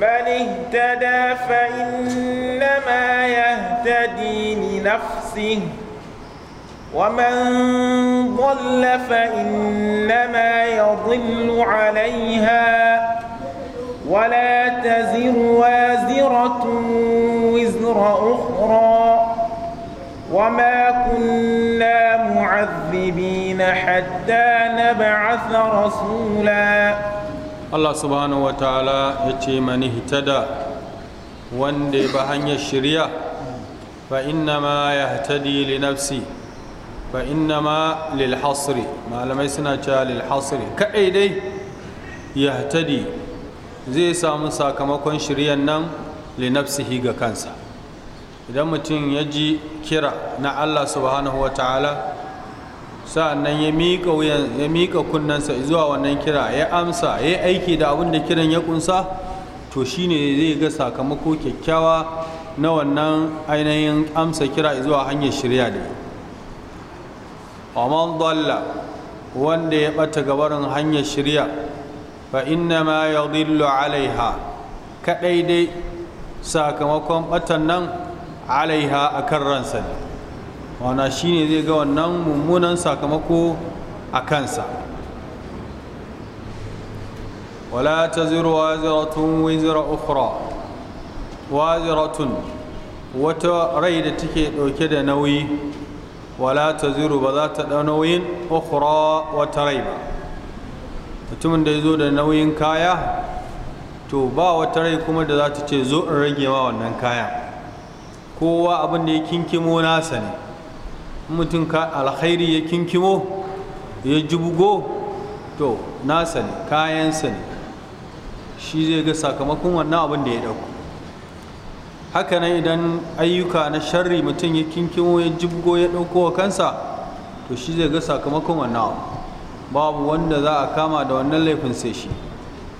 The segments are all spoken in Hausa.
من اهتدى فإنما يهتدي لنفسه ومن ضل فإنما يضل عليها ولا تزر وازرة وزر أخرى وما كنا معذبين حتى نبعث رسولاً Allah subhanahu wa ta'ala ya ce mani hitada wanda ba hanyar shirya fa inna ma ya hatadi li nafsi fa inna ma lil malamai suna cewa lil kaɗai dai ya hatadi zai samu sakamakon shiryan nan li nafsihi ga kansa idan mutum ya ji kira na Allah subhanahu wa ta'ala sa'annan ya miƙa wuyan ya miƙa kunnensa zuwa wannan kira ya amsa ya aiki da abin da kiran ya kunsa to shine zai ga sakamako kyakkyawa na wannan ainihin amsa kira zuwa hanyar shirya da man dalla wanda ya ɓata gabarin hanyar shirya fa inna ma ya alaiha kaɗai dai sakamakon ɓatan nan alaiha a kan ransa ne wana shine zai ga wannan mummunan sakamako a kansa wala ta ziru waziratun wizira ukhra waziratun wata rai da take ɗauke da nauyi wala ta ziru ba za ta ɗau nauyin ukhra wata rai ba mutumin da ya zo da nauyin kaya to ba wata rai kuma da za ta ce zo in rage ma wannan kayan kowa abin da ya kinkimo nasa ne mutum ka alkhairi ya kinkimo ya jubugo to nasa ne kayansa ne shi zai ga sakamakon wannan abin da ya ɗauko haka nan idan ayyuka na sharri mutum ya kinkimo ya jibugo ya ɗauko wa kansa to shi zai ga sakamakon wannan abu babu wanda za a kama da wannan laifin sai shi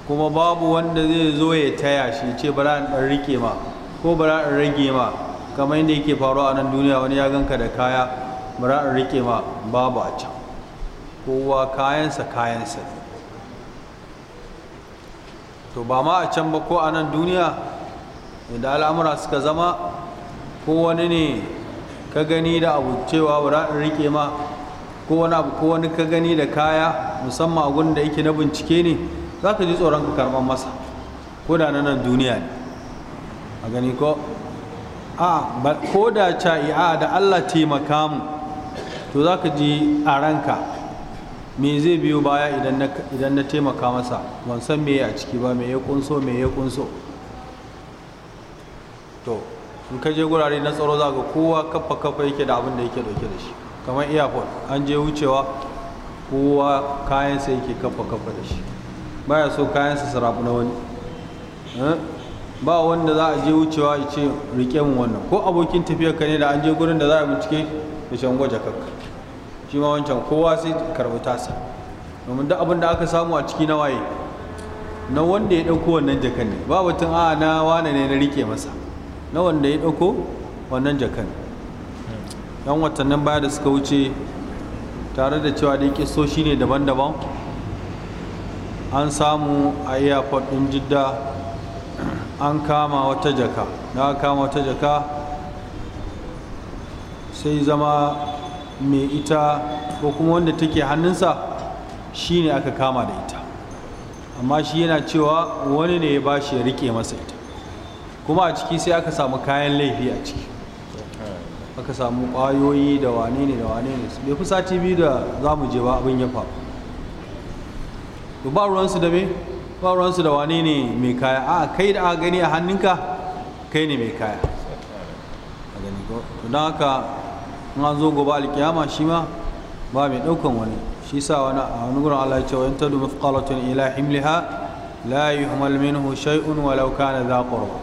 kuma babu wanda zai zo ya taya shi ce bara in ɗan rike ma ko bara in rage ma kamar yadda yake faruwa a nan duniya wani ya ganka da kaya ba in rike ma babu a can kowa kayansa kayansa to ba ma a can ba ko a nan duniya inda al'amura suka zama ko wani ne ka gani da abu cewa ba in rike ma ko wani abu ko wani ka gani da kaya musamman a gudun da yake na bincike ne za ka ji tsoron ka karɓar masa ko da na nan duniya ne a gani ko a ko da ca'i'a a da allah taimaka mu to za ka ji a ranka me zai biyo baya idan na taimaka masa ban san me a ciki ba me ya kunso me ya kunso to in ka je gurare na tsaro za ka kowa kafa kafa yake da abin da yake dauke da shi kamar airport an je wucewa kowa kayansa yake kafa kafa da shi baya so kayansa su na wani eh? ba wanda za a je wucewa ya ce rike mu wannan ko abokin tafiyar ka ne da an je gurin da za a bincike da gwaje kakka shi ma wancan kowa sai karɓi tasa domin duk abin da aka samu a ciki na waye na wanda ya ɗauko wannan jakan ne ba batun a na wane ne na rike masa na wanda ya ɗauko wannan jakan yan watannin baya da suka wuce tare da cewa dai shi ne daban-daban an samu a airport ɗin jidda an kama wata jaka na kama wata jaka sai zama mai ita ko kuma wanda take hannunsa shi ne aka kama da ita amma shi yana cewa wani ne ya bashi ya rike masa ita kuma a ciki sai aka samu kayan laifi a ciki aka samu ƙwayoyi da wane ne da wane ne su fi sati biyu da za mu je ba abin ya faru ba ruwansu da me ba ruwansu da wane ne mai kaya a kai da aka gani a hannunka kai ne mai kaya don haka in an zo gobe alkiyama shi ma ba mai ɗaukan wani shi sa wani a wani gurin Allah ya ce wani tadu mafqalatun ila himliha la yuhmal minhu shay'un walau kana za qurba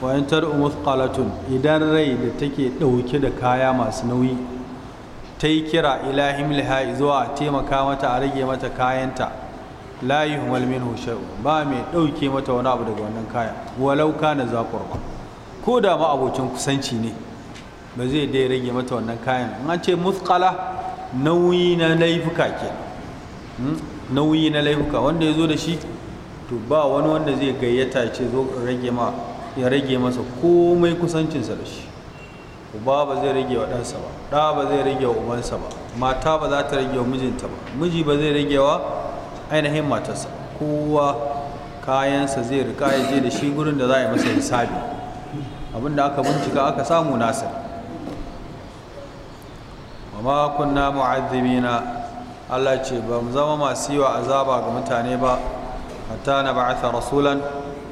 wa in tadu mafqalatun idan rai da take ɗauke da kaya masu nauyi ta yi kira ila himliha zuwa taimaka mata a rage mata kayanta la yuhmal minhu shay'un ba mai ɗauke mata wani abu daga wannan kaya lauka na za qurba ko da ma abokin kusanci ne ba zai dai rage mata wannan kayan in an ce muskala nauyi na laifuka ke hmm? nauyi na laifuka wanda ya zo da shi to ba wani wanda zai gayyata ce zo rage ma ya rage masa komai kusancinsa da shi uba ba zai rage wa ɗansa ba ɗa ba zai rage wa ubansa ba mata ba za ta rage wa mijinta ba miji ba zai rage wa ainihin matarsa kowa kayansa zai rika ya je da shi gurin da za a yi masa hisabi abinda aka bincika aka samu nasa ma kunna mu'azzibina Allah ce ba mu zama masu yi azaba ga mutane ba hatta na ba'atha rasulan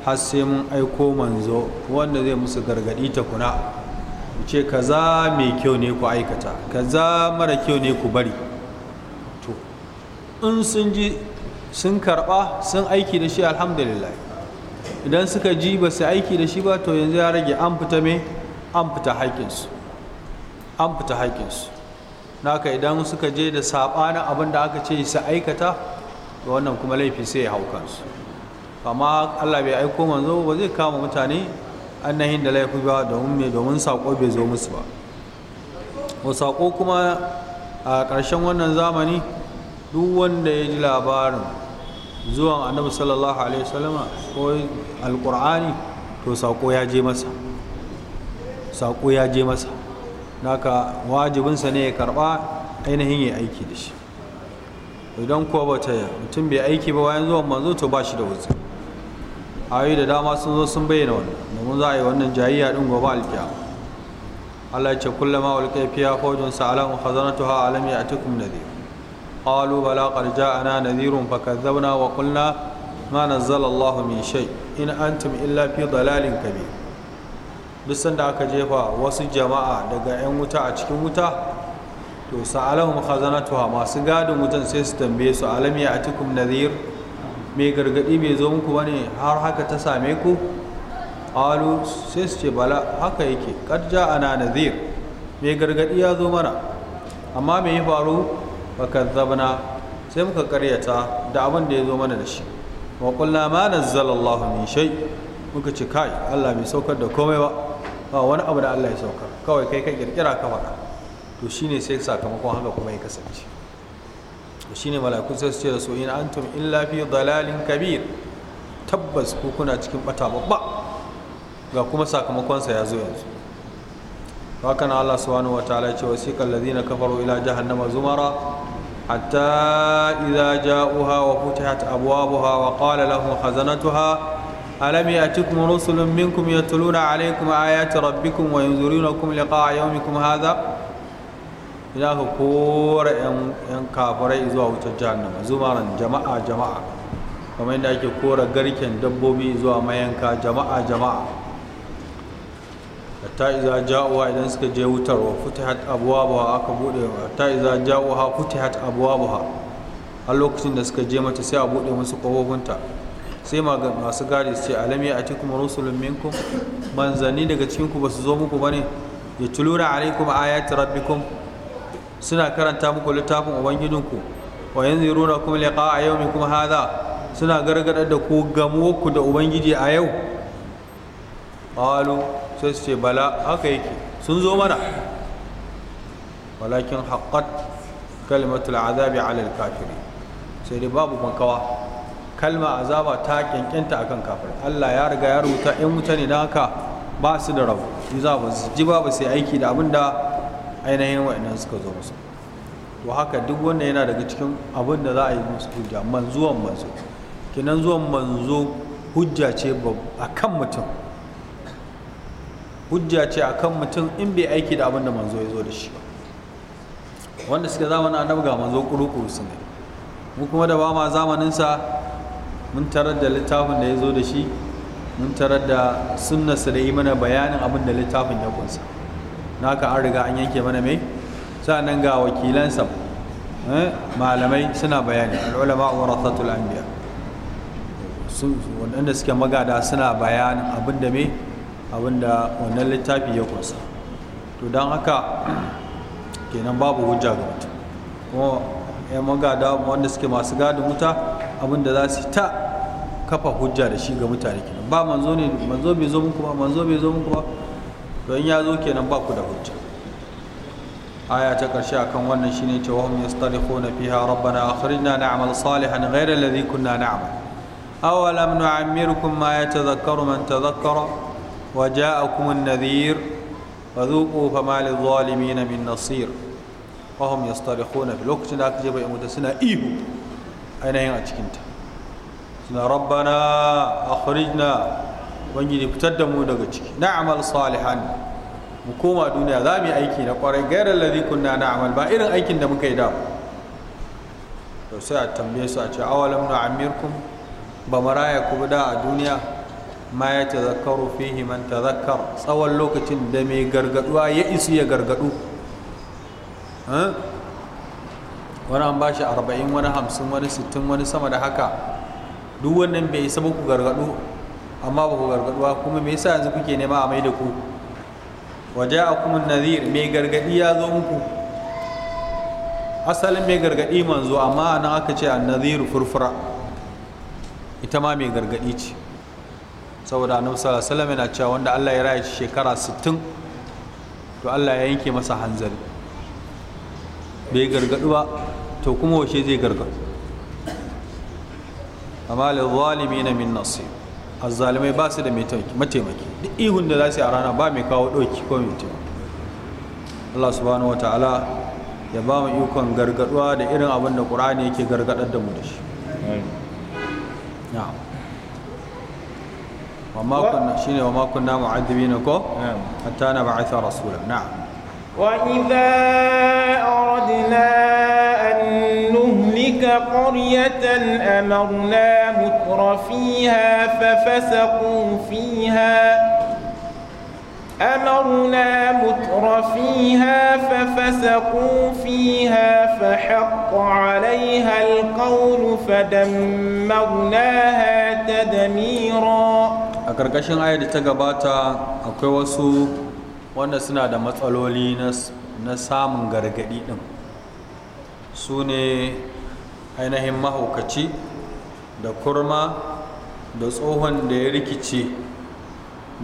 har sai mun aiko manzo wanda zai musu gargadi ta kuna ku ce kaza mai kyau ne ku aikata kaza mara kyau ne ku bari to in sun ji sun karba sun aiki da shi alhamdulillah idan suka ji ba su aiki da shi ba to yanzu ya rage an fita me an fita haƙƙinsu naka idan suka je da sabanin abin da aka ce su aikata da wannan kuma laifi sai ya hau kansu amma allah bai aiko manzo ba zai kama mutane annahin da laifi ba domin domin sako bai zo musu ba ko sako kuma a ƙarshen wannan zamani duk wanda ya ji labarin zuwan annabi sallallahu alaihi wasallama ko alƙur'ani to sako ya je masa saƙo ya je masa naka wajibinsa ne ya karba ainihin ya aiki da shi idan kuwa bata mutum bai aiki ba bayan zuwan manzo to ba shi da wuce ayoyi da dama sun zo sun bayyana wannan domin za a yi wannan jayayya din gobe alkiyama Allah ya ce kullama ulqiya fiha fawjun sa'alahum khazanatuha alam ya'tikum nadhir قالوا بلى قد جاءنا نذير wa وقلنا ما نزل الله من شيء إن أنتم إلا في ضلال كبير duk sanda aka jefa wasu jama'a daga 'yan wuta a cikin wuta to sa'alahum khazanatuha masu gadin wutan sai su tambaye su alam ya atikum nadhir mai gargadi bai zo muku bane har haka ta same ku qalu sai su ce bala haka yake karja ana nazir mai gargadi ya zo mana amma me ya faru fakazzabna sai muka karyata da abin da ya zo mana da shi wa qulna ma min shay muka ce kai Allah bai saukar da komai ba ba wani abu da Allah ya sauka kawai kai ka kirkira ka faɗa to shine sai sakamakon haka kuma ya kasance to shine mala'ikun sai su ce da su in antum illa fi dalalin kabir tabbas ku kuna cikin bata babba ga kuma sakamakonsa ya zo yanzu haka na Allah subhanahu wataala ya ce wasiqal ladina kafaru ila jahannama zumara حتى إذا Uhawa, وفتحت أبوابها وقال lahum خزنتها ألم يأتكم رسل منكم يتلون عليكم آيات ربكم وينذرونكم لقاء يومكم هذا إذا كور إن كافر إذا وتجهنم زمرا جماعة جماعة kamar yadda ake kora garken dabbobi zuwa mayanka jama'a jama'a hatta iza ja'uwa idan suka je wutar wa futihat abwabuha aka bude hatta iza ja'uha futihat abwabuha har lokacin da suka je mata sai a bude musu kofofinta sai masu gadi sai alami a cikin kuma rusulun minkum manzanni daga cikin ku su zo muku ba ne ya tulura alaikum ayatun rabbikum suna karanta muku littafin ubangijinku wa yanzu kuma a yau mai kuma haza suna gargadar da ku gamo ku da ubangiji a yau qalu sai su ce bala haka yake sun zo mana walakin haƙƙat kalimatul azabi alal kafiri sai dai babu bankawa kalma azaba ta kyankyanta akan kafir Allah ya riga ya rubuta in wuta ne don haka ba su da rabu za ba su ji ba ba yi aiki da abin da ainihin wa'annan suka zo musu to haka duk wanda yana daga cikin abin da za a yi musu hujja manzuwan manzo kinan zuwan manzo hujja ce a kan mutum hujja ce a kan mutum in bai aiki da abin da manzo ya zo da shi ba wanda suka zamanin na ga manzo kuru-kuru su ne mu kuma da ba ma zamaninsa mun tarar da littafin da ya zo da shi mun tarar da su da yi mana bayanin abin da littafin ya kunsa naka an riga an yanke mana mai nan ga wakilansa eh, malamai suna bayani al'ulama warathatul anbiya waɗanda suke magada suna bayanin abin da mai abin da wannan littafi ya kunsa to don haka kenan babu hujja ga mutum kuma ya magada wanda suke masu gadin wuta abin da za su ta kafa hujja da shi ga mutane kenan ba manzo ne manzo bai zo muku ba manzo bai zo muku ba To in ya zo kenan ba ku da hujja aya ta karshe akan wannan shine ce wa hum yastarikhuna fiha rabbana akhrijna na'mal salihan ghayra alladhi kunna na'mal awalam nu'ammirkum ma yatadhakkaru man tadhakkara wa ja'akum an-nadhir fadhuqu fama lidh-dhalimin min nasir wa hum yastarikhuna bi lokacin da aka je bai mutu suna ihu ainihin a cikinta suna rabbana akhrijna ubangiji fitar da mu daga ciki na'amal salihan mu koma duniya za mu yi aiki na kwarai gairar ladhi kunna na'amal ba irin aikin da muka yi da to sai a tambaye su a ce awalam nu'ammirkum ba maraya ku da a duniya ma ya tazakkaru fihi man tazakkar tsawon lokacin da mai gargaduwa ya isu ya gargadu wani an ba shi arba'in wani hamsin wani sittin wani sama da haka duk wannan bai isa ba ku gargaɗu amma ba ku gargaɗuwa kuma me yasa yanzu kuke nema a mai da ku waje a kuma nazir mai gargaɗi ya zo muku asalin mai gargaɗi manzo amma nan aka ce a naziru furfura ita ma mai gargaɗi ce saboda annabi sallallahu alaihi yana cewa wanda Allah ya raya shekara 60 to Allah ya yanke masa hanzari bai gargaɗu ba to kuma washe zai gargaɗu amma lalzalimi na min nasi azzalimai ba su da mataimaki duk ihun da za su yi a rana ba mai kawo ɗauki ko mai allah subhanahu wa ta'ala ya ba mu ikon gargaɗuwa da irin abin da ƙur'ani yake gargaɗar da mu da shi Wa makon na وما كنا معذبين كو حتى نبعث رسولا نعم وإذا أردنا قرية أمرنا متر فيها ففسقوا فيها أمرنا متر فيها ففسقوا فيها فحق عليها القول فدمرناها تدميرا a ƙarƙashin ayar da ta gabata akwai wasu wanda suna da matsaloli na samun gargaɗi ɗin su ne ainihin mahaukaci da kurma da tsohon da ya rikice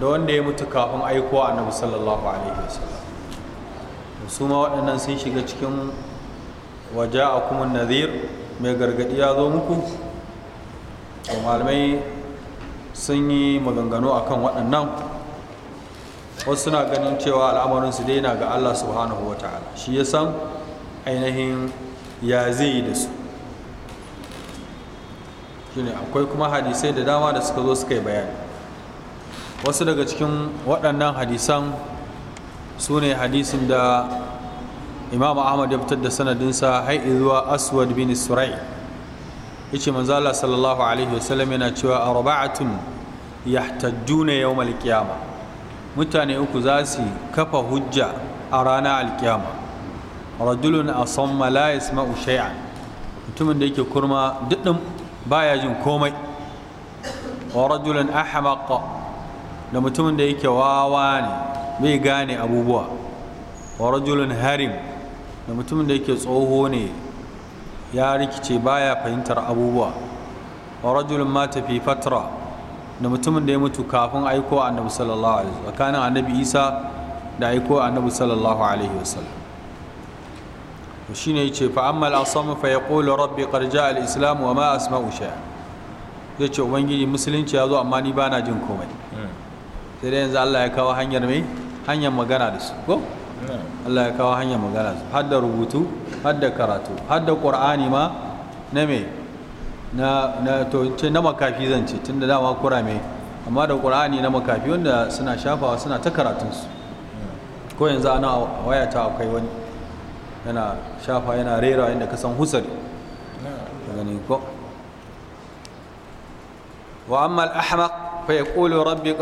da wanda ya mutu kafin aiko annabi sallallahu alaihi wasallam su ma waɗannan sun shiga cikin waje a kuma nazir mai gargaɗi ya zo muku malamai sun yi maganganu a kan waɗannan wasu suna ganin cewa al'amarinsu dai na ga allah subhanahu wa ta'ala shi ya san ainihin ya zai yi da su shine akwai kuma hadisai da dama da suka zo suka yi bayani wasu daga cikin waɗannan hadisan su ne hadisin da imam ahmad ya fitar da sanadinsa har zuwa aswad bin surai yace manzala sallallahu alaihi wasallam yana cewa arba'atun yahtajjuna yawm alqiyama mutane uku za su kafa hujja a ranar alkiyama rajulun asamma la yasma'u shay'an mutumin da yake kurma duɗin baya jin komai wa rajulan ahmaqa da mutumin da yake wawa ne bai gane abubuwa wa rajulan harim da mutumin da yake tsoho ne ya rikice baya fahimtar abubuwa wa rajulan mata fi fatra da mutumin da ya mutu kafin aiko annabi sallallahu alaihi wasallam tsakanin annabi isa da aiko annabi sallallahu alaihi wasallam shine yace fa amma al fa fa yaqulu rabbi ƙarja al’islamu wa islam wa ma asma'u shay'a ubangiji musulunci ya zo amma ni bana jin komai sai dai yanzu Allah ya kawo hanyar mai hanyar magana da su ko Allah ya kawo hanyar magana da su har da rubutu har da karatu har da ma na me na na to ce na makafi zan ce tunda dama kura me amma da qur'ani na makafi wanda suna shafawa suna ta karatun su ko yanzu ana wayata akwai wani yana shafa yana rera inda ka san husari gani ko wa amma rabbi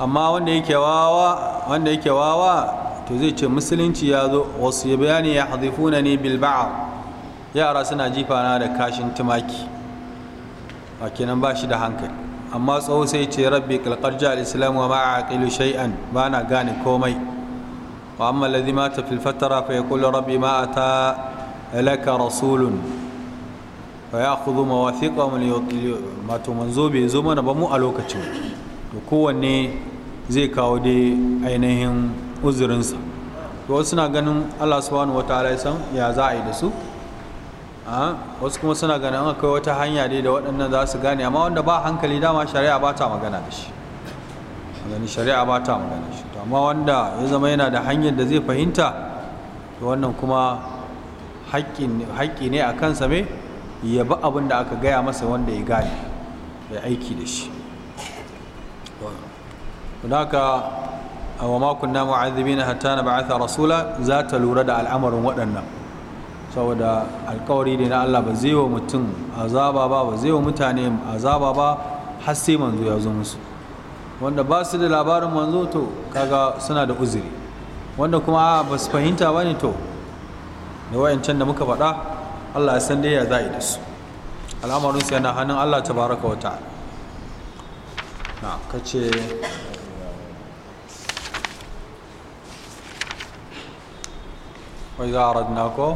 amma wanda yake wawa wanda yake wawa to zai ce musulunci ya zo wasu ya bayani ya hadifuna ne bilba'a yara suna jifana da kashin tumaki a kenan ba shi da hankali amma tsawo sai ce rabbi kalkar al'islam islam wa ma'a aqilu shay'an ba na gane komai وأما الذي مات في الفترة فيقول ربي ما أتى لك رسول فيأخذ مواثيقهم ماتوا منزوبي زمن بمو ألوك kowanne zai kawo dai ainihin uzurinsa wasu suna ganin allah subhanahu wa ta'ala ya ya yi da su wasu kuma suna ganin akwai wata hanya dai da waɗannan za su gane amma wanda ba hankali dama shari'a ba ta magana da shi gani shari'a ba ta magana shi to amma wanda ya zama yana da hanyar da zai fahimta to wannan kuma haƙƙi ne a kansa me ya bi abin da aka gaya masa wanda ya gane ya aiki da shi don haka a wa makon na zabi na hatta na ba'ata rasula za ta lura da al'amarin waɗannan saboda alkawari ne na Allah ba zai wa mutum azaba ba ba zai wa mutane azaba ba har sai manzo ya zo musu wanda ba su da labarin manzo to kaga suna da uzuri wanda kuma ba su fahimta bane to da wayancan da muka faɗa Allah ya san dai ya za'i da su al'amarin su yana hannun Allah ta wa ta'ala na kace وإذا أردناكو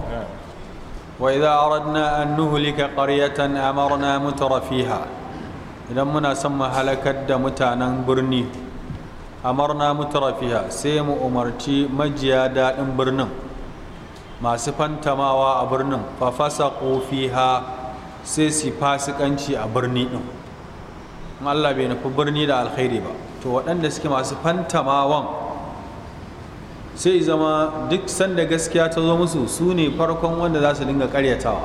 وإذا أردنا أن نهلك قرية أمرنا متر فيها idan muna son mu halakar da mutanen birni amarna mutarafiya sai mu umarci majiya daɗin birnin masu fantamawa a birnin fafasa ha sai su fasikanci a birni ɗin Allah bai nufi birni da alkhairi ba to waɗanda suke masu fantamawan sai zama duk sanda gaskiya ta zo musu su ne farkon wanda za su dinga karyatawa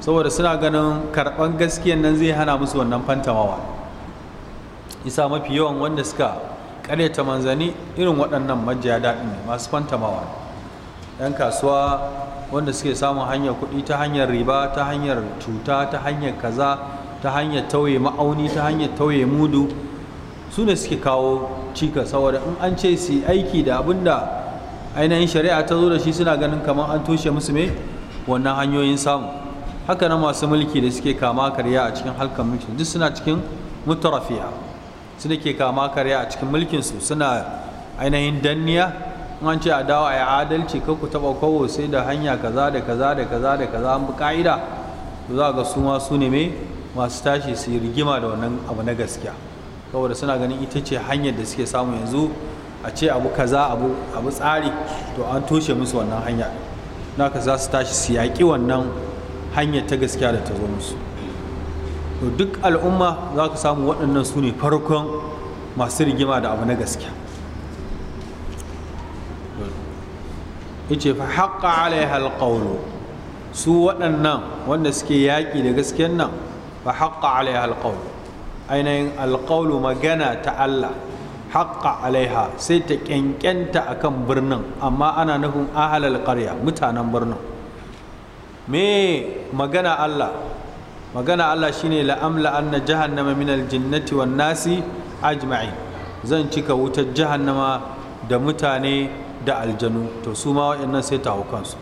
saboda suna ganin karɓan gaskiyan nan zai hana musu wannan fantamawa isa mafi yawan wanda suka ta manzani irin waɗannan majiya daɗin ne masu fantamawa yan kasuwa wanda suke samun hanyar kuɗi ta hanyar riba ta hanyar cuta ta hanyar kaza ta hanyar tauye ma'auni ta hanyar tauye mudu su ne suke kawo cika saboda in an ce su aiki da abin da ainihin shari'a ta zo da shi suna ganin kamar an toshe musu me wannan hanyoyin samu haka na masu mulki da suke kama karya a cikin halkan mulki duk suna cikin mutarafiya su ke kama karya a cikin mulkin su suna ainihin danniya an ce a dawo a yi adalci ko ku taɓa kowo sai da hanya kaza da kaza da kaza da kaza an bi ka'ida to za ga su ma su ne mai masu tashi su yi rigima da wannan abu na gaskiya saboda suna ganin ita ce hanyar da suke samu yanzu a ce abu kaza abu abu tsari to an toshe musu wannan hanya naka za su tashi su yaƙi wannan hanyar ta gaskiya da ta zo musu to duk al'umma za ku samu waɗannan su ne farkon masu rigima da abu na gaskiya ice fa haƙa alaiha alƙawlo su waɗannan wanda suke yaƙi da gaskiyan nan fa haƙa alaiha alƙawlo ainihin alƙawlo magana ta Allah haƙa alaiha sai ta ƙyanƙyanta akan birnin amma ana nufin ahalal ƙarya mutanen birnin me magana Allah magana Allah shine amla anna jahannama min aljinnati wan nasi ajma'i zan cika wutar jahannama da mutane da aljanu to su ma wayannan sai ta kansu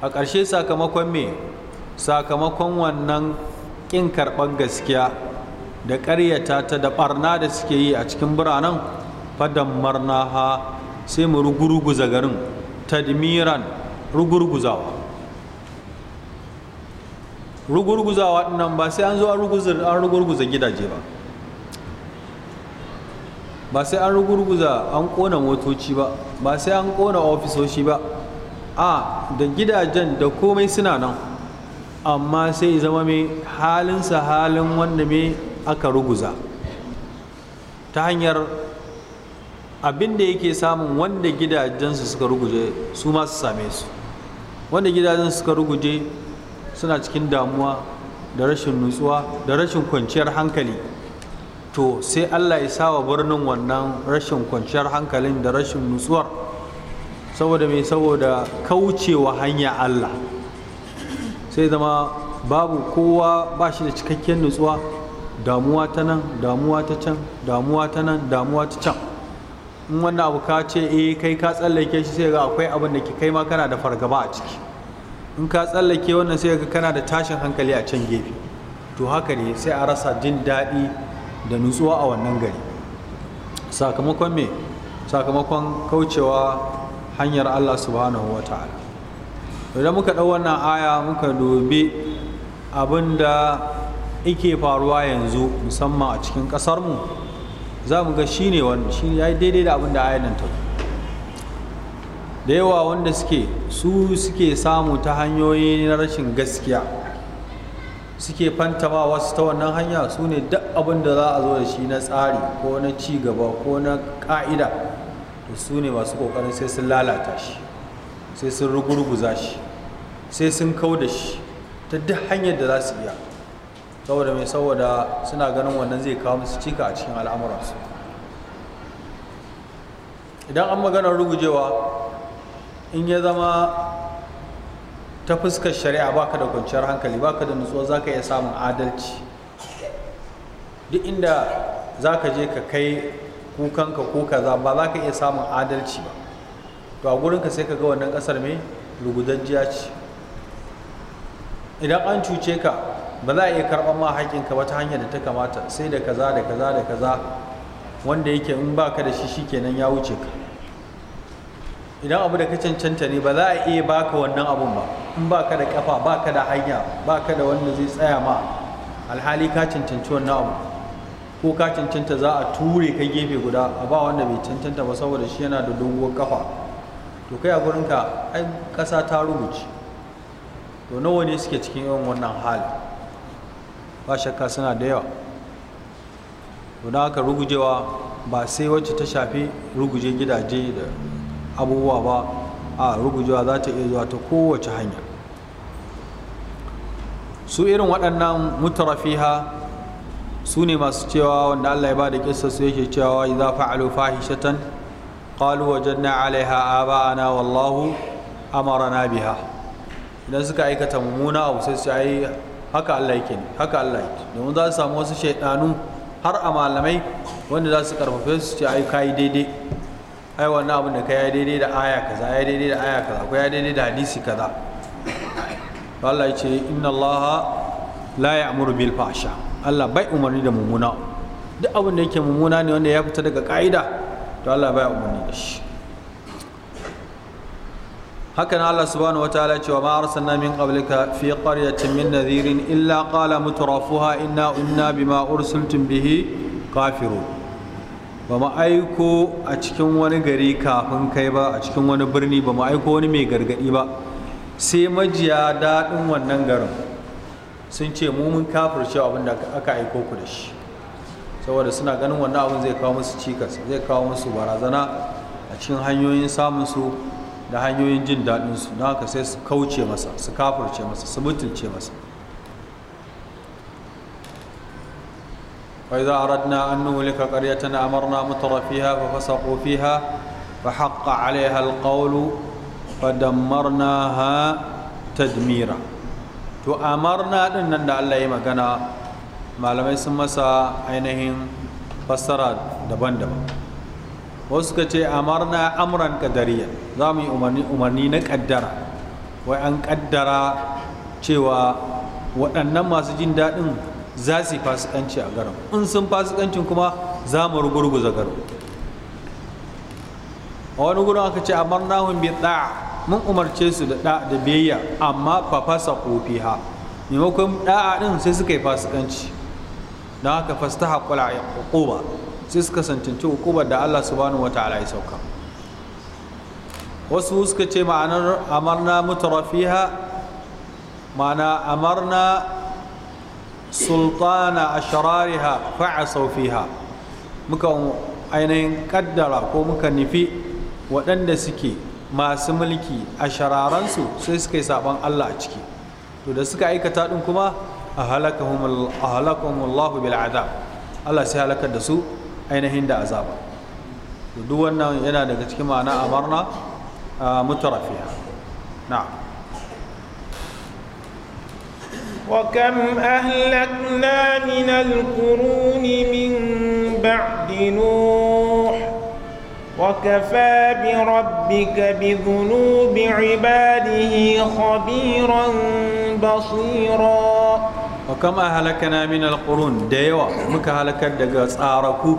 a ƙarshe sakamakon me sakamakon wannan ƙin karɓar gaskiya da ƙaryata ta da ɓarna da suke yi a cikin biranen fadan marnaha sai mu rugurguza garin tadmiran rugurguzawa rugurguzawa nan ba sai an zo an rugurguza gidaje ba ba sai an rugurguza an kona motoci ba ba sai an kona ofisoshi ba a da gidajen da komai suna nan amma sai zama mai halinsa halin wanda mai aka ruguza ta hanyar abin da yake samun wanda gidajensu suka ruguje su ma su same su wanda gidajen suka ruguje suna cikin damuwa da rashin nutsuwa da rashin kwanciyar hankali to sai allah ya sawa birnin wannan rashin kwanciyar hankalin da rashin nutsuwar saboda mai saboda kaucewa hanya allah sai zama babu kowa ba shi da cikakken nutsuwa damuwa ta nan damuwa ta can damuwa ta nan damuwa ta can in wannan abu ka ce eh kai ka tsallake shi sai ga akwai abin da ke kai ma kana da fargaba a ciki in ka tsallake wannan sai ka kana da tashin hankali a can gefe to haka ne sai a rasa jin daɗi da nutsuwa a wannan gari sakamakon me sakamakon kaucewa hanyar allah subhanahu wa ta'ala idan muka ɗau wannan aya muka dobe abin da ike faruwa yanzu musamman a cikin ƙasarmu za mu ga shi ne wani shi ya yi daidai da abin da ayan nan ta da yawa wanda suke su suke samu ta hanyoyi na rashin gaskiya suke fantama wasu ta wannan hanya su ne duk abin da za a zo da shi na tsari ko na cigaba ko na ƙa'ida to su ne masu ƙoƙarin sai sun lalata shi sai sun rugurguza shi sai sun kau da shi ta duk hanyar da za su iya saboda mai saboda suna ganin wannan zai kawo musu cika a cikin al'amuransu idan an maganar rugujewa in ya zama ta fuskar shari'a baka da kwanciyar hankali baka da nutsuwa za ka iya samun adalci duk inda za ka je ka kai kukanka ko kaza ba za ka iya samun adalci ba to a gurinka sai ka ga wannan kasar mai rugudajjiya ce idan an cuce ka ba za a iya karɓar ma haƙinka wata hanyar da ta kamata sai da kaza da kaza da kaza wanda yake in baka da shi shi shikenan ya wuce ka idan abu da ka cancanta ne ba za a iya baka wannan abun ba in ba ka da kafa ka da hanya ba ka da wanda zai tsaya ma alhali ka cancanci wannan abu ko ka cancanta za a ture ka gefe guda a ba wanda bai cancanta ba saboda shi yana da doguwar kafa to kai a gurinka ai kasa ta rubuce to nawa ne suke cikin yawan wannan hali ba shakka suna da yawa to don haka rugujewa ba sai wacce ta shafi ruguje gidaje da abubuwa ba a rugujewa za ta iya zuwa ta kowace hanya su irin waɗannan mutarafiha su ne masu cewa wanda Allah ya ba da kissa su yake cewa idza fa'alu fahishatan qalu wajadna 'alaiha aba'ana wallahu amarana biha idan suka aikata mummuna abu sai su yi haka Allah yake haka Allah yake domin za su samu wasu shaidanu har a malamai wanda za su karfafe su ce ai kai daidai ai wannan abin da ka ya daidai da aya kaza ya daidai da aya kaza ko ya daidai da hadisi kaza Allah ya ce inna Allah la ya'muru bil fahsha Allah bai umarni da mummuna duk abin da yake mummuna ne wanda ya fita daga ka'ida to Allah bai umarni da shi hakan Allah subhanahu wataala wa ma arsalna min qablika fi qaryatin min nadhirin illa qala mutrafuha inna unna bima ursiltum bihi kafirun ba mu aiko a cikin wani gari kafin kai ba a cikin wani birni ba mu aiko wani mai gargadi ba sai majiya daɗin wannan garin sun ce mu mun kafirce abin da aka aiko ku da shi saboda suna ganin wannan abin zai kawo musu cikas zai kawo musu barazana a cikin hanyoyin samun su da hanyoyin jin daɗinsu don haka sai su kauce masa su kafirce masa su mutunce masa وإذا أردنا أن نهلك قرية أمرنا متر فيها ففسقوا فيها فحق عليها القول فدمرناها تدميرا to amarna din nan da Allah ya magana malamai sun masa ainihin fassara daban-daban wasu suka ce amarna amran kadariya za mu yi umarni na kaddara wai an kaddara cewa waɗannan masu jin daɗin za su yi fasikanci a garin in sun fasikancin kuma za mu rugurguza garin a wani gurin aka ce amar nahun bi da'a mun umarce su da ɗa da biyayya amma fa fasa ha maimakon a ɗin sai suka yi fasikanci don haka fasta haƙula a hukuma sai suka santance hukumar da Allah subhanahu wa ta'ala ya sauka wasu suka ce ma'anar amarna mutarafiha ma'ana amarna sultana ashrariha fa'asau fiha muka ainihin kaddara ko muka nufi waɗanda suke masu mulki a shararansu sai suka yi saban Allah a ciki to da suka aikata ɗin kuma a halakumullahu bil azab Allah sai halakar da su ainihin da azaba to duk wannan yana daga cikin ma'ana amarna mutarafiya na'am وكم أهلكنا من القرون من بعد نوح وكفى بربك بذنوب عباده خبيرا بصيرا وكم أهلكنا من القرون ديوة مك هلكت دقا ساركو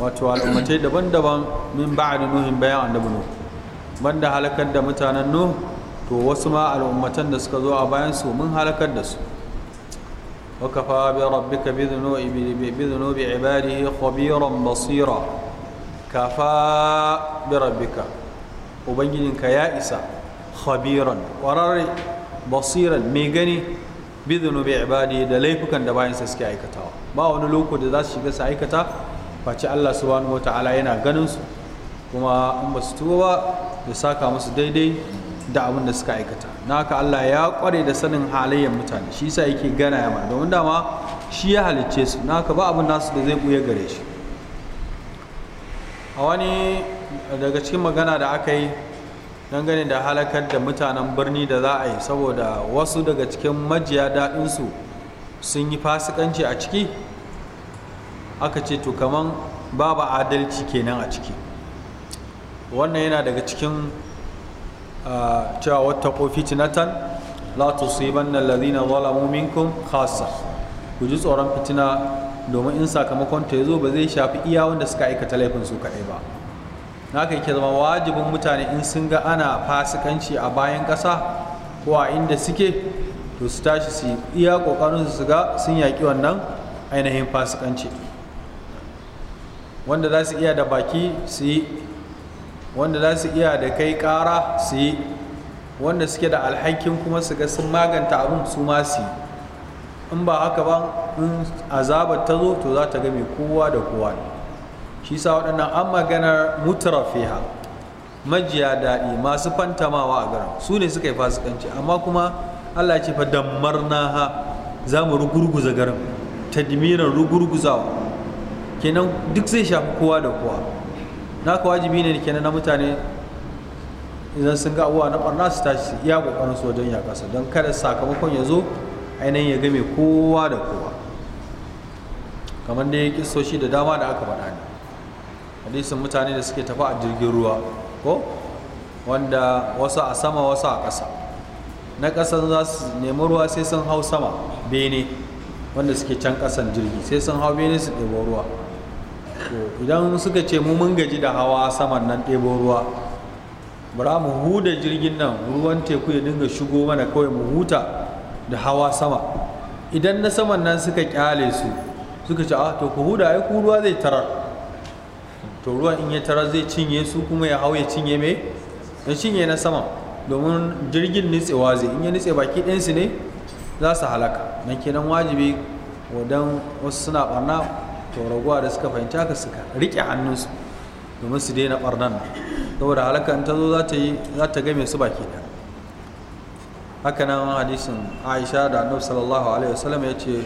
واتو الأمتين دبن دبن من بعد نوح بيان دبنو بند هلكت الدمتان النوح to wasu ma al'ummatan da suka zo a bayan su mun halakar da su wakafa bi rabbika bi dhunubi bi dhunubi ibadihi khabiran basira kafa bi rabbika ubangijinka ya isa khabiran warare basiran mai gani bi dhunubi ibadihi da laifukan da bayan sa suke aikatawa ba wani loko da za shiga su aikata face Allah subhanahu wa ta'ala yana ganin su kuma an ba su tuba ba ya saka musu daidai da abin da suka aikata na haka Allah ya kware da sanin halayen mutane shi yasa yake gana ya mana domin dama shi ya halicce su na haka ba abin nasu da zai buya gare shi a wani daga cikin magana da aka yi dangane da halakar da mutanen birni da za a yi saboda wasu daga cikin majiya daɗinsu sun yi fasikanci a ciki aka ce to kaman babu adalci kenan a ciki wannan yana daga cikin cewa wata kofi cinatan la na alladhina zalamu minkum khassa ku ji tsoron fitina domin in sakamakon ta zo ba zai shafi iya wanda suka aikata laifin su kaɗai ba haka yake zama wajibin mutane in sun ga ana fasikanci a bayan ƙasa ko a inda suke to su tashi su iya ƙoƙarin su ga sun yaƙi wannan ainihin fasikanci wanda za su iya da baki su yi wanda za su iya da kai kara su yi wanda suke da alhakin kuma su ga sun maganta abin su ma yi in ba haka ba in azabar ta zo to za ta mai kowa da kowa shi sa waɗannan an maganar mutarafiha majiya daɗi masu fantamawa a garin su ne suka yi fasikanci amma kuma allah ce fa dammar ha za mu rugurguza garin tadmiran rugurguzawa kenan duk zai shafi kowa da kowa Naka wajibi ne kenan na mutane idan sun ga abuwa na barna su tashi su iya kokarin su wajen yaƙa su don kada sakamakon ya zo ainihin ya game kowa da kowa kamar dai kisoshi da dama da aka faɗa ne hadisin mutane da suke tafi a jirgin ruwa ko wanda wasu a sama wasu a ƙasa na ƙasan za su nemi ruwa sai sun hau sama bene wanda suke can ƙasan jirgi sai sun hau bene su ɗebo ruwa to idan suka ce mu mun gaji da hawa saman nan ɗebo ruwa bara mu huda jirgin nan ruwan teku ya dinga shigo mana kawai mu huta da hawa sama idan na saman nan suka kyale su suka ce ah to ku huda ai ku ruwa zai tarar to ruwan in ya tarar zai cinye su kuma ya hau ya cinye mai ya cinye na sama domin jirgin nitsewa zai in ya nitse baki ɗansu ne za su halaka nan kenan wajibi wadan wasu suna barna to raguwa da suka fahimci haka suka riƙe hannunsu domin su daina ɓarnan saboda halaka in ta zo za ta game su baki ɗaya haka nan hadisin aisha da annabi sallallahu alaihi wasallam ya ce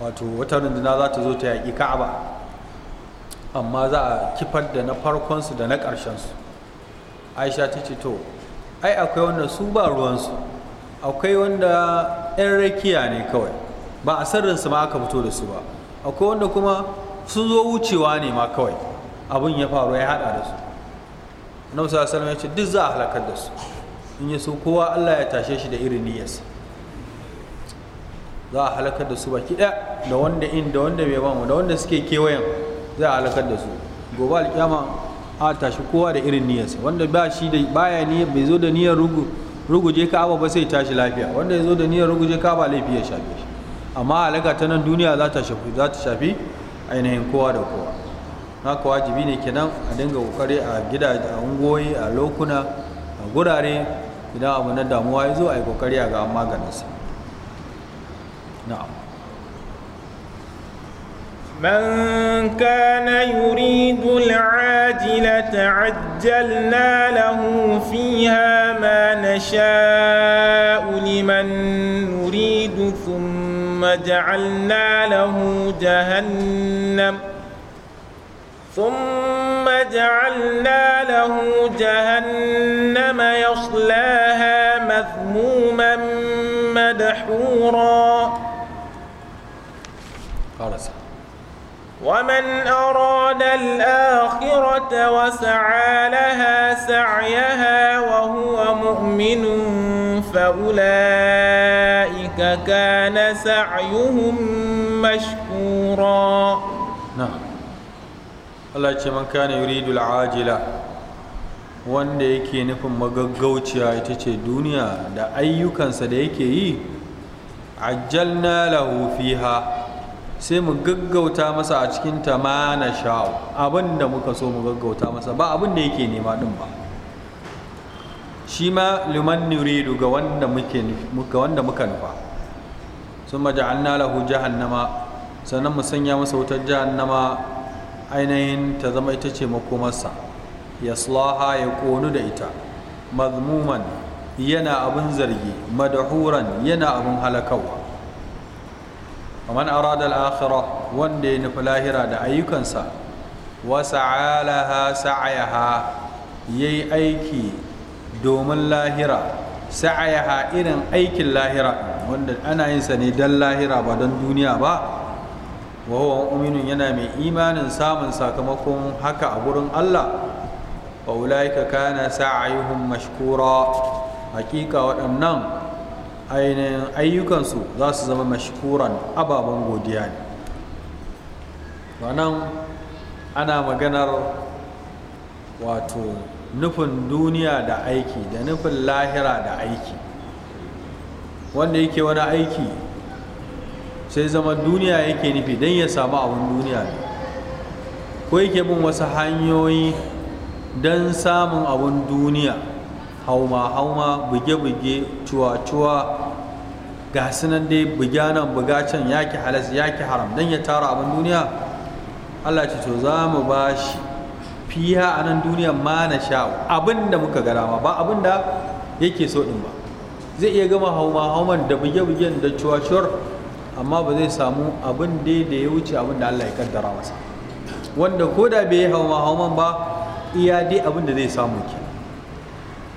wato wata runduna za ta zo ta yaƙi ka'aba amma za a kifar da na farkonsu da na ƙarshensu aisha ta ce to ai akwai wanda su ba ruwansu akwai wanda 'yan rakiya ne kawai ba a sarrinsu ma aka fito da su ba akwai wanda kuma sun zo wucewa ne ma kawai abin ya faru ya hada da su annabi sallallahu alaihi ya ce duk za a halakar da su in ya so kowa Allah ya tashe shi da irin niyyarsa za a halakar da su baki ɗaya da wanda in da wanda bai bamu da wanda suke kewayen za a halakar da su gobe alƙyama a tashi kowa da irin niyyarsa wanda ba shi da baya niyyar bai zo da niyyar ruguje ka ba sai tashi lafiya wanda ya zo da niyyar ruguje ka ba laifi ya shafe shi amma halaka ta nan duniya za ta shafi za ta shafi ainihin kowa da kowa haka wajibi ne kenan a dinga kokari a gida a ungoyi a lokuna a gurare idan abu na damuwa ya zo a yi kokari a ga an maganinsa na'am من كان يريد العاجلة عجلنا له فيها ما نشاء لمن نريد ثم ثم جعلنا له جهنم ثم جعلنا له جهنم يصلاها مذموما مدحورا ومن أراد الآخرة وسعى لها سعيها وهو مؤمن فأولئك كان سعيهم مشكورا نعم Allah wanda yake nufin magaggauciya ita ce duniya da ayyukansa da yake yi ajjalna lahu fiha sai mu gaggauta masa a cikin ta ma na sha'u abin da muka so mu gaggauta masa ba abin da yake nema din ba shi ma liman nuridu ga wanda muke ga wanda muka nufa sun maja'alna lahu jahannama sannan mu sanya masa wutar jahannama ainihin ta zama ita ce makomarsa yaslaha ya konu da ita mazmuman yana abin zargi madahuran yana abin halakawa ومن أراد الآخرة وندي نفلاهرة دا أيكنسا وسعى لها ya yi aiki. domin lahira sa'ayaha irin aikin lahira wanda ana yin sa ne don lahira ba don duniya ba wa huwa mu'minun yana mai imanin samun sakamakon haka a gurin Allah wa ulaika kana sa'ayuhum mashkura hakika waɗannan ainihin ayyukansu za su zama mashkuran ababen godiya ne wannan ana maganar wato nufin duniya da aiki da nufin lahira da aiki wanda yake wani aiki sai zama duniya yake nufi don ya samu abin duniya ne ko yake bin wasu hanyoyi don samun abin duniya hauma-hauma buge-buge cuwa-cuwa ga dai buga nan buga can yaki halas yaki haram don ya tara abin duniya allah ce to za mu ba shi fiha a nan duniya ma na sha abin da muka gara ma ba abin da yake so din ba zai iya gama hauma hauman da buge-bugen da cuwacuwar amma ba zai samu abin da da ya wuce abin da Allah ya kaddara masa wanda ko da bai yi hauma hauman ba iya dai abin da zai samu ke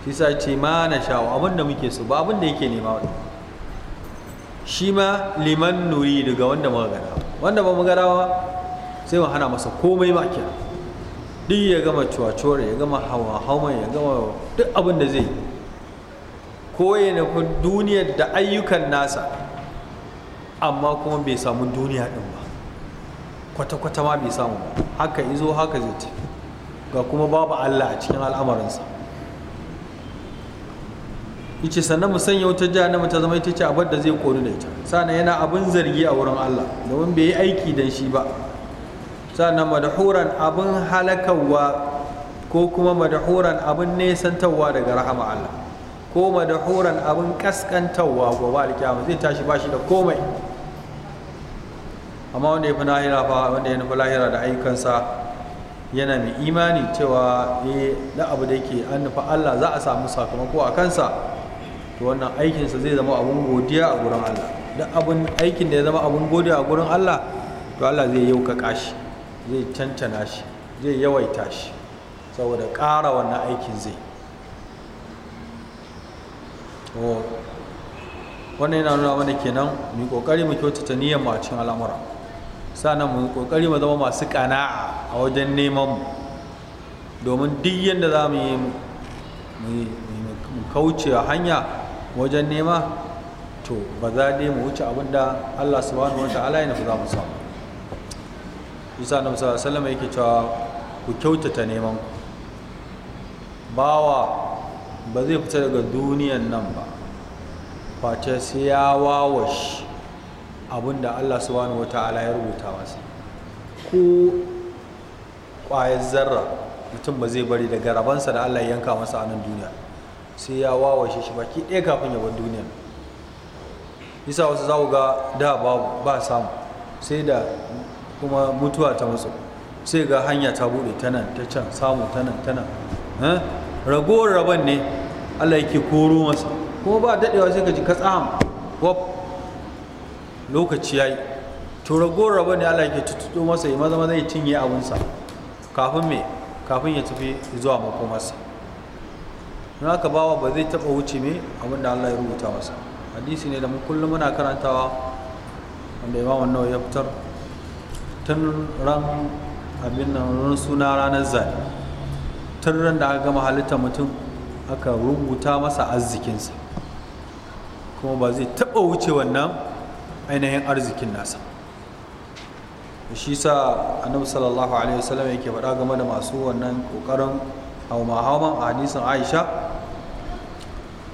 shi sa ce ma na sha abin da muke so ba abin da yake nema wani shi ma liman nuri daga wanda muka gara wanda ba mu gara sai mu hana masa komai ma kenan duk ya gama cuwacuwar ya gama hawa hawan ya gama duk abin da zai koye na duniya da ayyukan nasa amma kuma bai samu duniya din ba kwata-kwata ma bai samu ba haka izo haka zai ga kuma babu Allah a cikin al'amarinsa yace sannan mu sanya wuta jahannama ta zama ita ce abin da zai kori da ita sannan yana abin zargi a wurin Allah domin bai yi aiki dan shi ba sannan madahuran abin halakawa ko kuma madahuran abin nesantarwa daga rahama Allah ko madahuran abin kaskantarwa gobe alkiyama zai tashi bashi da komai amma wanda ya fi lahira fa wanda ya nufi lahira da ayyukansa yana mai imani cewa ya eh, da abu da yake an nufi Allah za a samu sakamako a kansa to wannan aikinsa zai zama abun godiya a gurin Allah Da abin aikin da ya zama abun godiya a gurin Allah to Allah zai yaukaka shi zai cancana shi zai yawaita shi saboda ƙara wannan aikin zai wannan yana nuna mana kenan mu kokari mu kyautata niyyar niyan cikin al'amura sannan mu kokari mu zama masu kana'a a wajen neman domin duk yadda za mu yi mu kauce hanya wajen nema to ba za mu wuce abin da Allah subhanahu wa ta'ala ya nufi za mu samu isa na musa salama yake cewa ku kyautata neman bawa ba zai fita daga duniyan nan ba face sai ya wawashi abinda da allah subhanahu wata ala ya rubuta masa ko ƙwayar zarra mutum ba zai bari daga rabansa da allah yanka masa a nan duniya sai ya wawashe shi baki ɗaya kafin ya bar duniya yasa wasu za ga da ba samu sai da kuma mutuwa ta wasu sai ga hanya ta buɗe ta nan ta can samu ta nan ta nan eh? ragowar rabon ne allah yake koro masa kuma ba daɗewa sai ka ji ka tsaham wap lokaci ya yi to ragowar rabon ne allah yake tuttuɗo masa ya maza maza ya cinye abinsa kafin me kafin ya tafi zuwa makomarsa don haka bawa ba zai taɓa wuce me abin da allah ya rubuta masa hadisi ne da mu kullum muna karantawa wanda imamun nawa ya fitar tun ran abin nan suna ranar zai tun ran da aka gama halittar mutum aka rubuta masa arzikinsa kuma ba zai taɓa wuce wannan ainihin arzikin nasa shi sa annabi sallallahu alaihi wasallam yake faɗa game da masu wannan ƙoƙarin hauma hauma a hadisin aisha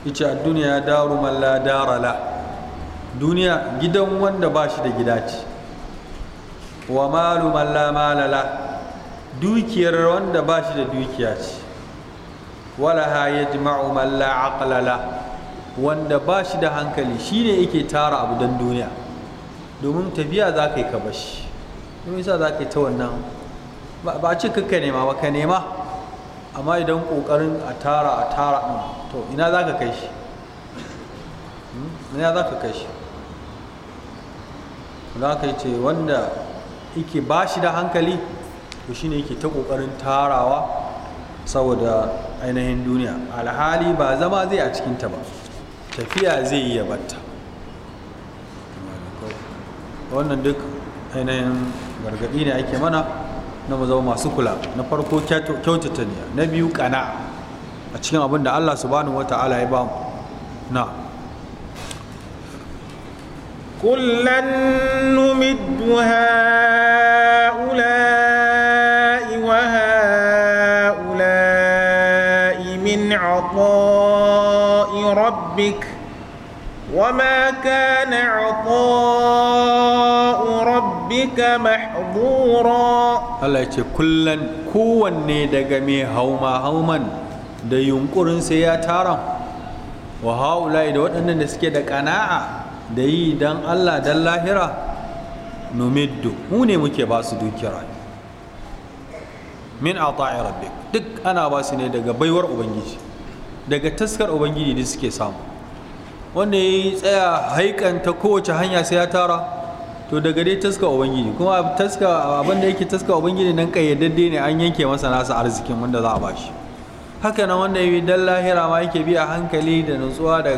yace a duniya daru mallada la duniya gidan wanda ba shi da gida ce wa malu man la malala dukiyar wanda ba shi da dukiya ce wala ha yajma'u man la aqla la wanda ba shi da hankali shi ne yake tara abu dan duniya domin tafiya za ka yi ka bashi domin sa za ka yi ta wannan ba ce kakka nema ba ka nema amma idan ƙoƙarin a tara a tara ɗin to ina za ka kai shi hmm? ina za ka kai shi za ka yi ce wanda yake ba shi da hankali to shine yake ta kokarin tarawa saboda ainihin duniya alhali ba zama zai a cikinta ba tafiya zai yi yabatta wannan duk ainihin gargaɗi ne ake mana na mu masu kula na farko kyautata ne na biyu kana a cikin abin da allah subhanahu wa ta'ala ya ba mu na كلا نمد هؤلاء وهؤلاء من عطاء ربك وما كان عطاء ربك محظورا الله يقول كلا كواني دقمي هوما هوما da yunkurin سياتارا وهؤلاء tara wa نسكي da waɗannan da yi don allah don lahira numiddu mu ne muke ba su dukira min a ta'i rabbi duk ana ba su ne daga baiwar ubangiji daga taskar ubangiji da suke samu wanda ya yi tsaya haikanta kowace hanya sai ya tara to daga dai taska ubangiji kuma taska abin da yake taska ubangiji nan kayyadadde ne an yanke masa nasa arzikin wanda za a bashi haka nan wanda ya yi dan lahira ma yake biya hankali da nutsuwa da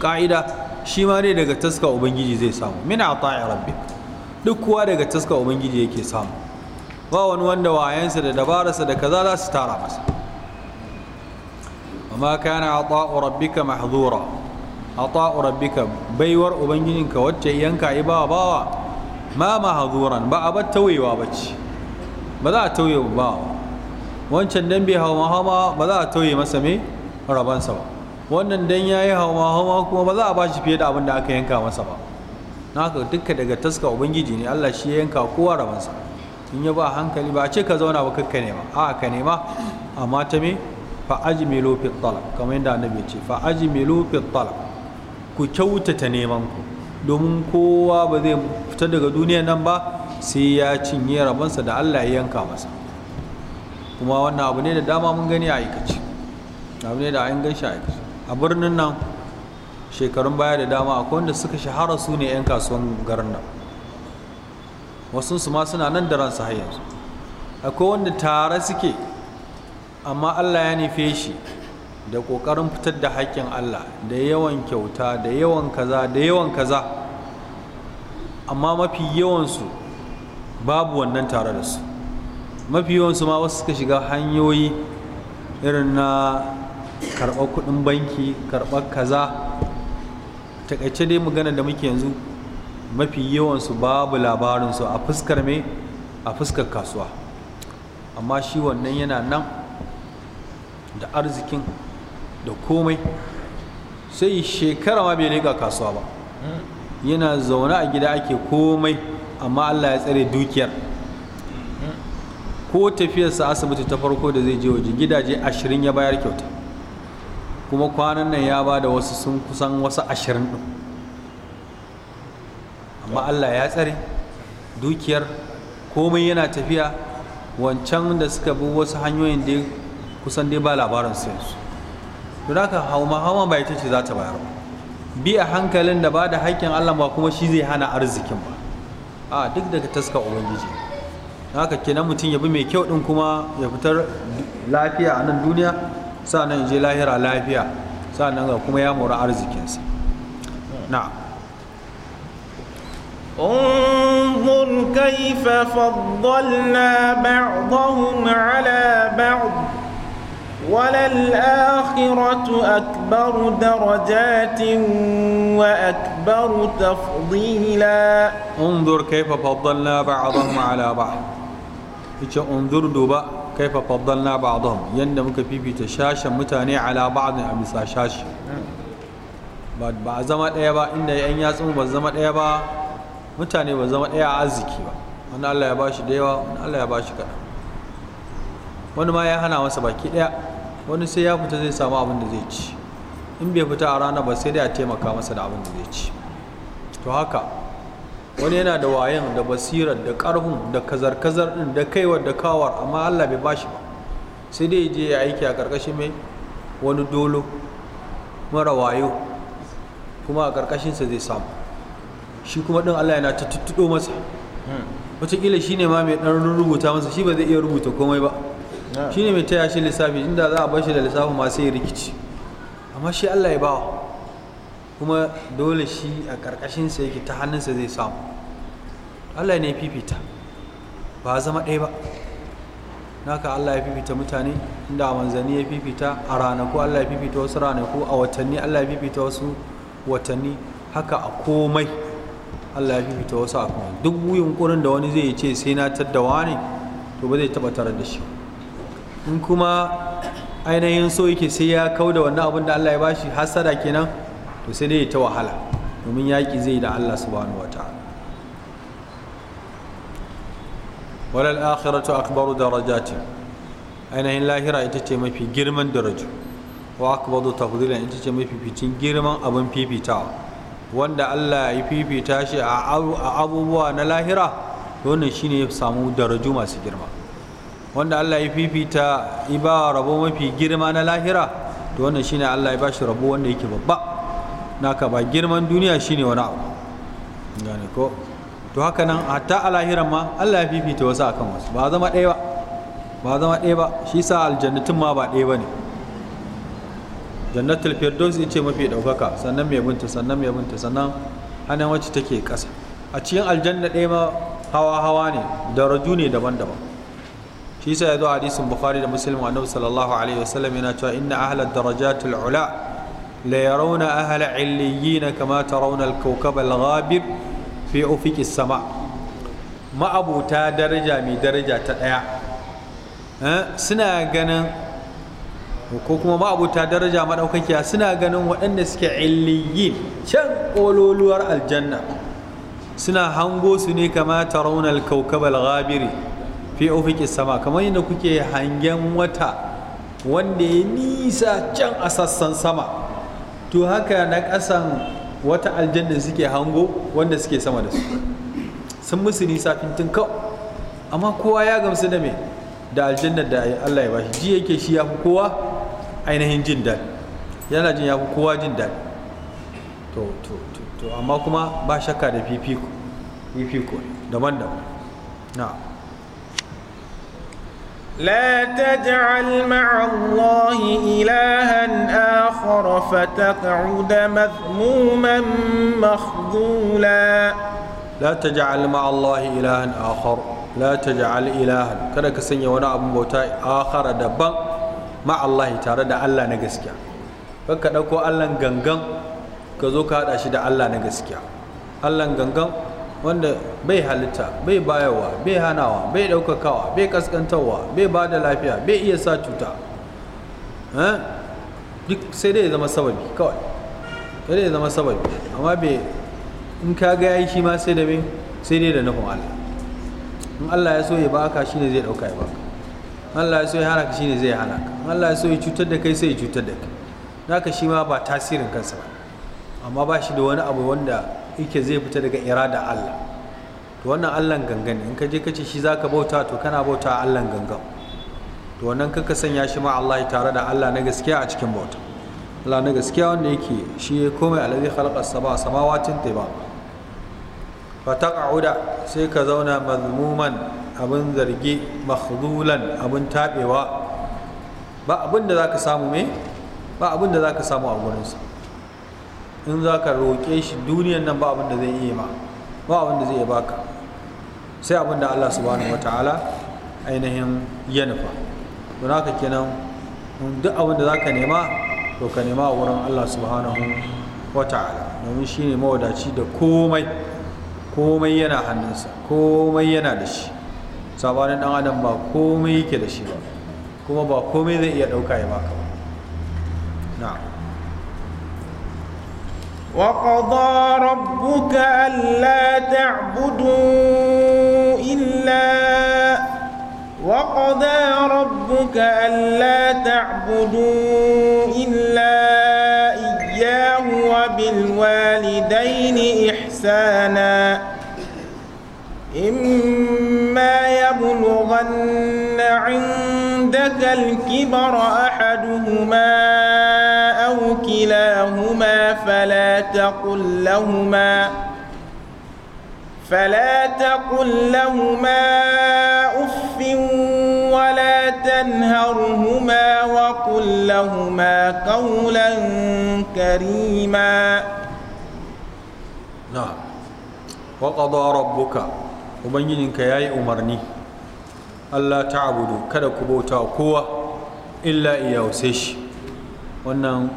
ƙa'ida ka'ida shi ma dai daga taska ubangiji zai samu min ata'i rabbi. duk kuwa daga taska ubangiji yake samu ba wani wanda wayansa da dabararsa da kaza za su tara masa amma kana ata'u rabbika mahzura ata'u rabbika baiwar ubangijinka wacce yanka yi ba bawa ma mahzuran ba a bar tauyewa ce. ba za a tauye ba wancan dan bai hawa ma ba za a tauye masa mai rabansa ba wannan dan ya yi hauma hauma kuma ba za a ba shi fiye da abin da aka yanka masa ba na ka duka daga taska ubangiji ne allah shi ya yanka kowa rabansa in ya ba hankali ba a ce ka zauna ba kakka nema a ka nema amma ta me fa ajmilu fi talab kamar yadda annabi ya ce fa ajmilu fi talab ku kyautata neman ku domin kowa ba zai fita daga duniya nan ba sai ya cinye rabansa da allah ya yanka masa kuma wannan abu ne da dama mun gani a aikace abu ne da an gan shi a aikace a birnin nan shekarun baya da dama akwai wanda suka shahara su ne 'yan kasuwan garin nan wasu su ma suna nan da ransu har yanzu akwai wanda tare suke amma allah ya nufe shi da ƙoƙarin fitar da haƙƙin allah da yawan kyauta da yawan kaza da yawan kaza amma mafi yawansu babu wannan tare da su mafi yawansu ma wasu suka shiga hanyoyi irin na karɓar kuɗin banki karɓar kaza takaice dai magana da muke yanzu mafi yawansu babu labarinsu a fuskar me a fuskar kasuwa amma shi wannan yana nan da arzikin da komai sai shekara ma bai leƙa kasuwa ba yana zaune a gida ake komai amma allah ya tsare dukiyar ko tafiyarsa asibiti ta farko da zai je waje gidaje ashirin ya bayar kyauta kuma kwanan nan ya ba da wasu sun kusan wasu ashirin ɗin amma allah ya tsare dukiyar komai yana tafiya wancan da suka bi wasu hanyoyin da kusan dai ba labarin sayansu don haka hauma hauma ba ita ce za ta bayar bi a hankalin da ba da haƙƙin allah ba kuma shi zai hana arzikin ba a duk daga taska ubangiji haka kenan mutum ya bi mai kyau ɗin kuma ya fitar lafiya a nan duniya sa'annan je lahira lafiya sa'annan ga kuma ya arzikin sa na'am انظر كيف فضلنا بعضهم على بعض وللآخرة أكبر درجات وأكبر تفضيلا انظر كيف فضلنا بعضهم على بعض انظر دبا kaifa faddalna don yanda muka fifita shashen mutane ala ba'd a bisa shashi ba ba zama daya ba inda yan yatsun ba zama daya ba mutane ba zama daya a arziki ba wani Allah ya bashi da yawa wani Allah ya bashi kaɗan wani ma ya hana masa baki daya wani sai ya fita zai samu abin da zai ci in bai fita a ranar ba sai dai a taimaka masa da abin da zai ci to haka wani yana da wayan da basirar da karhun da kazar-kazar din da kaiwa da kawar amma allah bai bashi ba sai dai je ya aiki a ƙarƙashin mai wani dolo mara wayo kuma a ƙarƙashinsa zai samu shi kuma ɗin allah yana ta tuttuɗo masa wataƙila shi ne ma mai ɗan rubuta masa shi ba zai iya rubuta komai ba shi ne mai taya shi lissafi inda za a bar shi da lissafi ma sai rikici amma shi allah ya bawa kuma dole shi a ƙarƙashinsa yake ta hannunsa zai samu allah ne fifita ba zama ɗaya ba naka allah ya fifita mutane inda a manzanni ya fifita a ranaku allah ya fifita wasu ranaku a watanni allah ya fifita wasu watanni haka a komai allah ya fifita wasu a komai duk yunkurin da wani zai ce sai na taddawa ne to ba zai taɓa tarar da shi in kuma ainihin so yake sai ya kau da wannan abin da allah ya bashi hasada kenan to sai dai ta wahala domin yaƙi zai da Allah subhanahu wa ta'ala walal akhiratu akbaru darajatin ainihin lahira ita ce mafi girman daraju wa akbaru tafdilan ita ce mafi girman abin fifitawa wanda Allah ya fifita shi a abubuwa na lahira wannan shine ya samu daraju masu girma wanda Allah ya fifita iba rabo mafi girma na lahira to wannan shine Allah ya bashi rabo wanda yake babba naka ba girman duniya shine wani abu gane ko to haka nan hatta a lahiran ma Allah ya fifita wasu akan wasu ba zama ɗaya ba ba zama ɗaya ba shi sa aljannatin ma ba ɗaya ba ne jannatul firdaus ce mafi ɗaukaka sannan mai binta sannan mai binta sannan hannun wacce take ƙasa a cikin aljanna ɗaya ma hawa hawa ne daraju ne daban-daban shi sa ya zo hadisin bukhari da muslim annabi sallallahu alaihi wasallam yana cewa inna ahlad darajatul ula la yarawna ahla illiyina kama tarawna al-kawkab al-ghabib fi ufiqis sama ma'abuta daraja mai daraja ta daya suna ganin ko kuma ma'abuta daraja madaukakiya suna ganin waɗanda suke illiyin can ƙololuwar aljanna suna hango su ne kama tarawna al-kawkab al-ghabiri fi sama kamar yadda kuke hangen wata wanda ya nisa can a sassan sama to haka na kasan wata aljanna suke hango wanda suke sama da su sun musu nisa fintin kau amma kowa ya gamsu da mai, da aljannar da Allah ya bashi ji yake shi ya fi kowa ainihin jin daɗi yana jin ya fi kowa jin daɗi to to to amma kuma ba shakka da fifiko fifiko daban-daban na'am لا تجعل مع الله إلها آخر فتقعد مذموما مخذولا لا تجعل مع الله إلها آخر لا تجعل إلها كذا كسنيا وانا أبو بوتا آخر دبان مع الله تعالى دا الله نجسكيا فكذا كو الله غنغن كذو كذا شدا الله نجسكيا الله غنغن wanda bai halitta bai bayarwa bai hanawa bai ɗaukakawa bai kaskantarwa bai ba da lafiya bai iya sa cuta duk sai dai ya zama sababi kawai sai dai ya zama sababi amma bai in ka ga yi shi ma sai da bai sai dai da nufin Allah in Allah ya so ya baka ne zai ɗauka ya baka Allah ya so ya hana ka ne zai hana ka Allah ya so ya cutar da kai sai ya cutar da kai naka shi ma ba tasirin kansa ba amma ba shi da wani abu wanda yake zai fita daga irada Allah to wannan Allah gangan in ka je ka ce shi zaka bauta to kana bauta Allah gangan to wannan kaka sanya shi ma Allah tare da Allah na gaskiya a cikin bauta Allah na gaskiya wanda yake shi komai alazi khalaqa as-sama samawatin tiba fa taq'uda sai ka zauna mazmuman abin zargi makhdulan abin tabewa ba abin da zaka samu me ba abin da zaka samu a gurinsa in za ka roƙe shi duniyan nan ba abin da zai iya ma ba abin da zai iya baka sai abin da Allah subhanahu ta'ala ainihin ya nufa don haka kenan duk abin da za ka nema to ka nema a wurin Allah subhanahu ta'ala domin shi ne mawadaci da komai komai yana hannunsa komai yana da shi sabanin dan adam ba komai yake da shi ba kuma ba komai zai iya ɗauka ya baka ba na'am وقضى ربك ألا تعبدوا إلا وقضى ربك ألا تعبدوا إلا إياه وبالوالدين إحسانا إما يبلغن عندك الكبر أحدهما كلاهما فلا تقل لهما فلا تقل لهما أف ولا تنهرهما وقل لهما قولا كريما نعم وقضى ربك وبنجنك يا أمرني Allah ta'budu kada ku bauta kowa illa iyahu sai shi wannan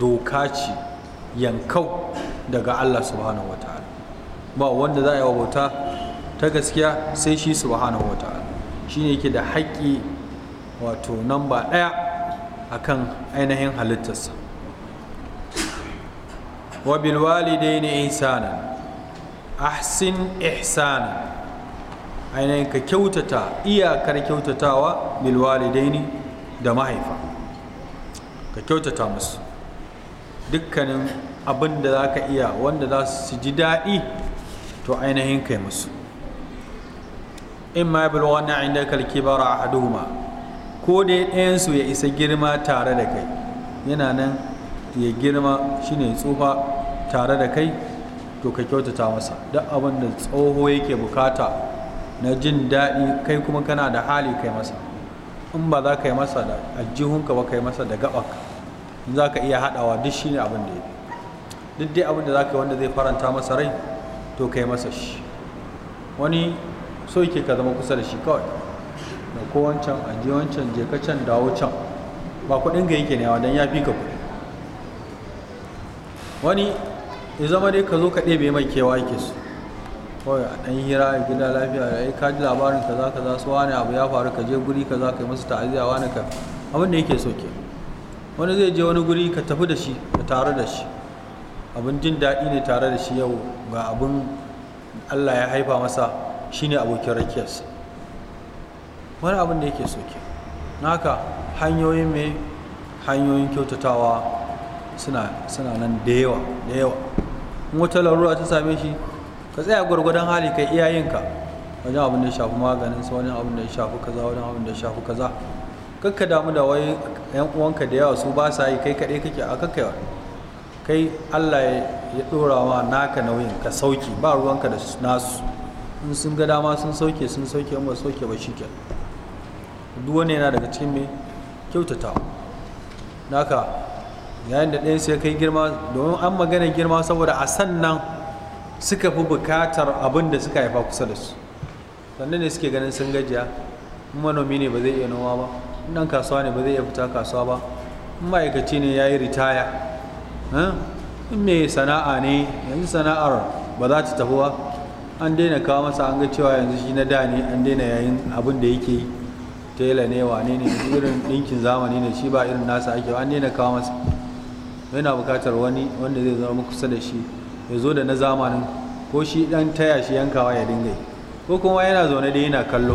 doka ce yankau daga Allah subhanahu wataala ba wanda za a yi wa bauta ta gaskiya sai shi subhanahu wataala shine yake da haƙƙi wato namba ɗaya akan ainihin halittarsa wa bil walidaini ihsanan ahsin ihsana ainihin ka kyautata iyakar kyautatawa bilwalidaini da mahaifa ka kyautata musu dukkanin abin da za ka iya wanda za su ji daɗi to ainihin kai musu in ma yabi wani inda kalki ra a haduma ko dai ɗayansu ya isa girma tare da kai yana nan ya girma shine tsufa tare da kai to ka kyautata masa duk abin da tsoho yake bukata na jin daɗi kai kuma kana da hali kai masa in ba za ka yi masa da aljihunka ba ka yi masa da gaɓaka in za ka iya haɗawa duk shi ne abin da ya fi duk dai abin da za ka yi wanda zai faranta masa rai to ka yi masa shi wani so yake ka zama kusa da shi kawai da kowancan wancan aje wancan je ka can dawo can ba kuɗin ga yake newa don ya fi ka kuɗi wani ya zama dai ka zo ka ɗebe mai kewa yake su kawai a ɗan hira a gida lafiya ya yi ka ji labarin kaza kaza su wani abu ya faru ka je guri ka za ka yi masu ta'aziyya wani ka abin da yake so ke wani zai je wani guri ka tafi da shi ka tare da shi abin jin daɗi ne tare da shi yau ga abin allah ya haifa masa shine abokin rakiyarsa wani abin da yake so na haka hanyoyin mai hanyoyin kyautatawa suna nan da yawa da yawa wata larura ta same shi ka tsaya gwargwadon hali kai iyayenka wajen abin da ya shafi maganin sa wani abin da ya shafi kaza wani abin da ya shafi kaza kakka damu da wai yan uwanka da yawa su ba sa yi kai kaɗai kake a kakka kai Allah ya ɗora ma naka nauyin ka sauki ba ruwanka da nasu in sun ga dama sun sauke sun sauke ba sauke ba shi ke duk wani daga cikin mai kyautata naka yayin da ɗayan sai kai girma domin an magana girma saboda a sannan suka fi bukatar abin da suka haifa kusa da su sannan ne suke ganin sun gajiya manomi ne ba zai iya noma ba dan kasuwa ne ba zai iya fita kasuwa ba ma'aikaci ne ya yi ritaya in mai sana'a ne yanzu sana'ar ba za ta tafi ba an daina kawo masa an ga cewa yanzu shi na da ne an daina yayin abin da yake yi tela ne wane ne irin ɗinkin zamani ne shi ba irin nasa ake an daina kawo masa yana buƙatar wani wanda zai zama kusa da shi ya zo da na zamanin ko shi ɗan taya shi yankawa ya dinga yi ko kuma yana zaune da yana kallo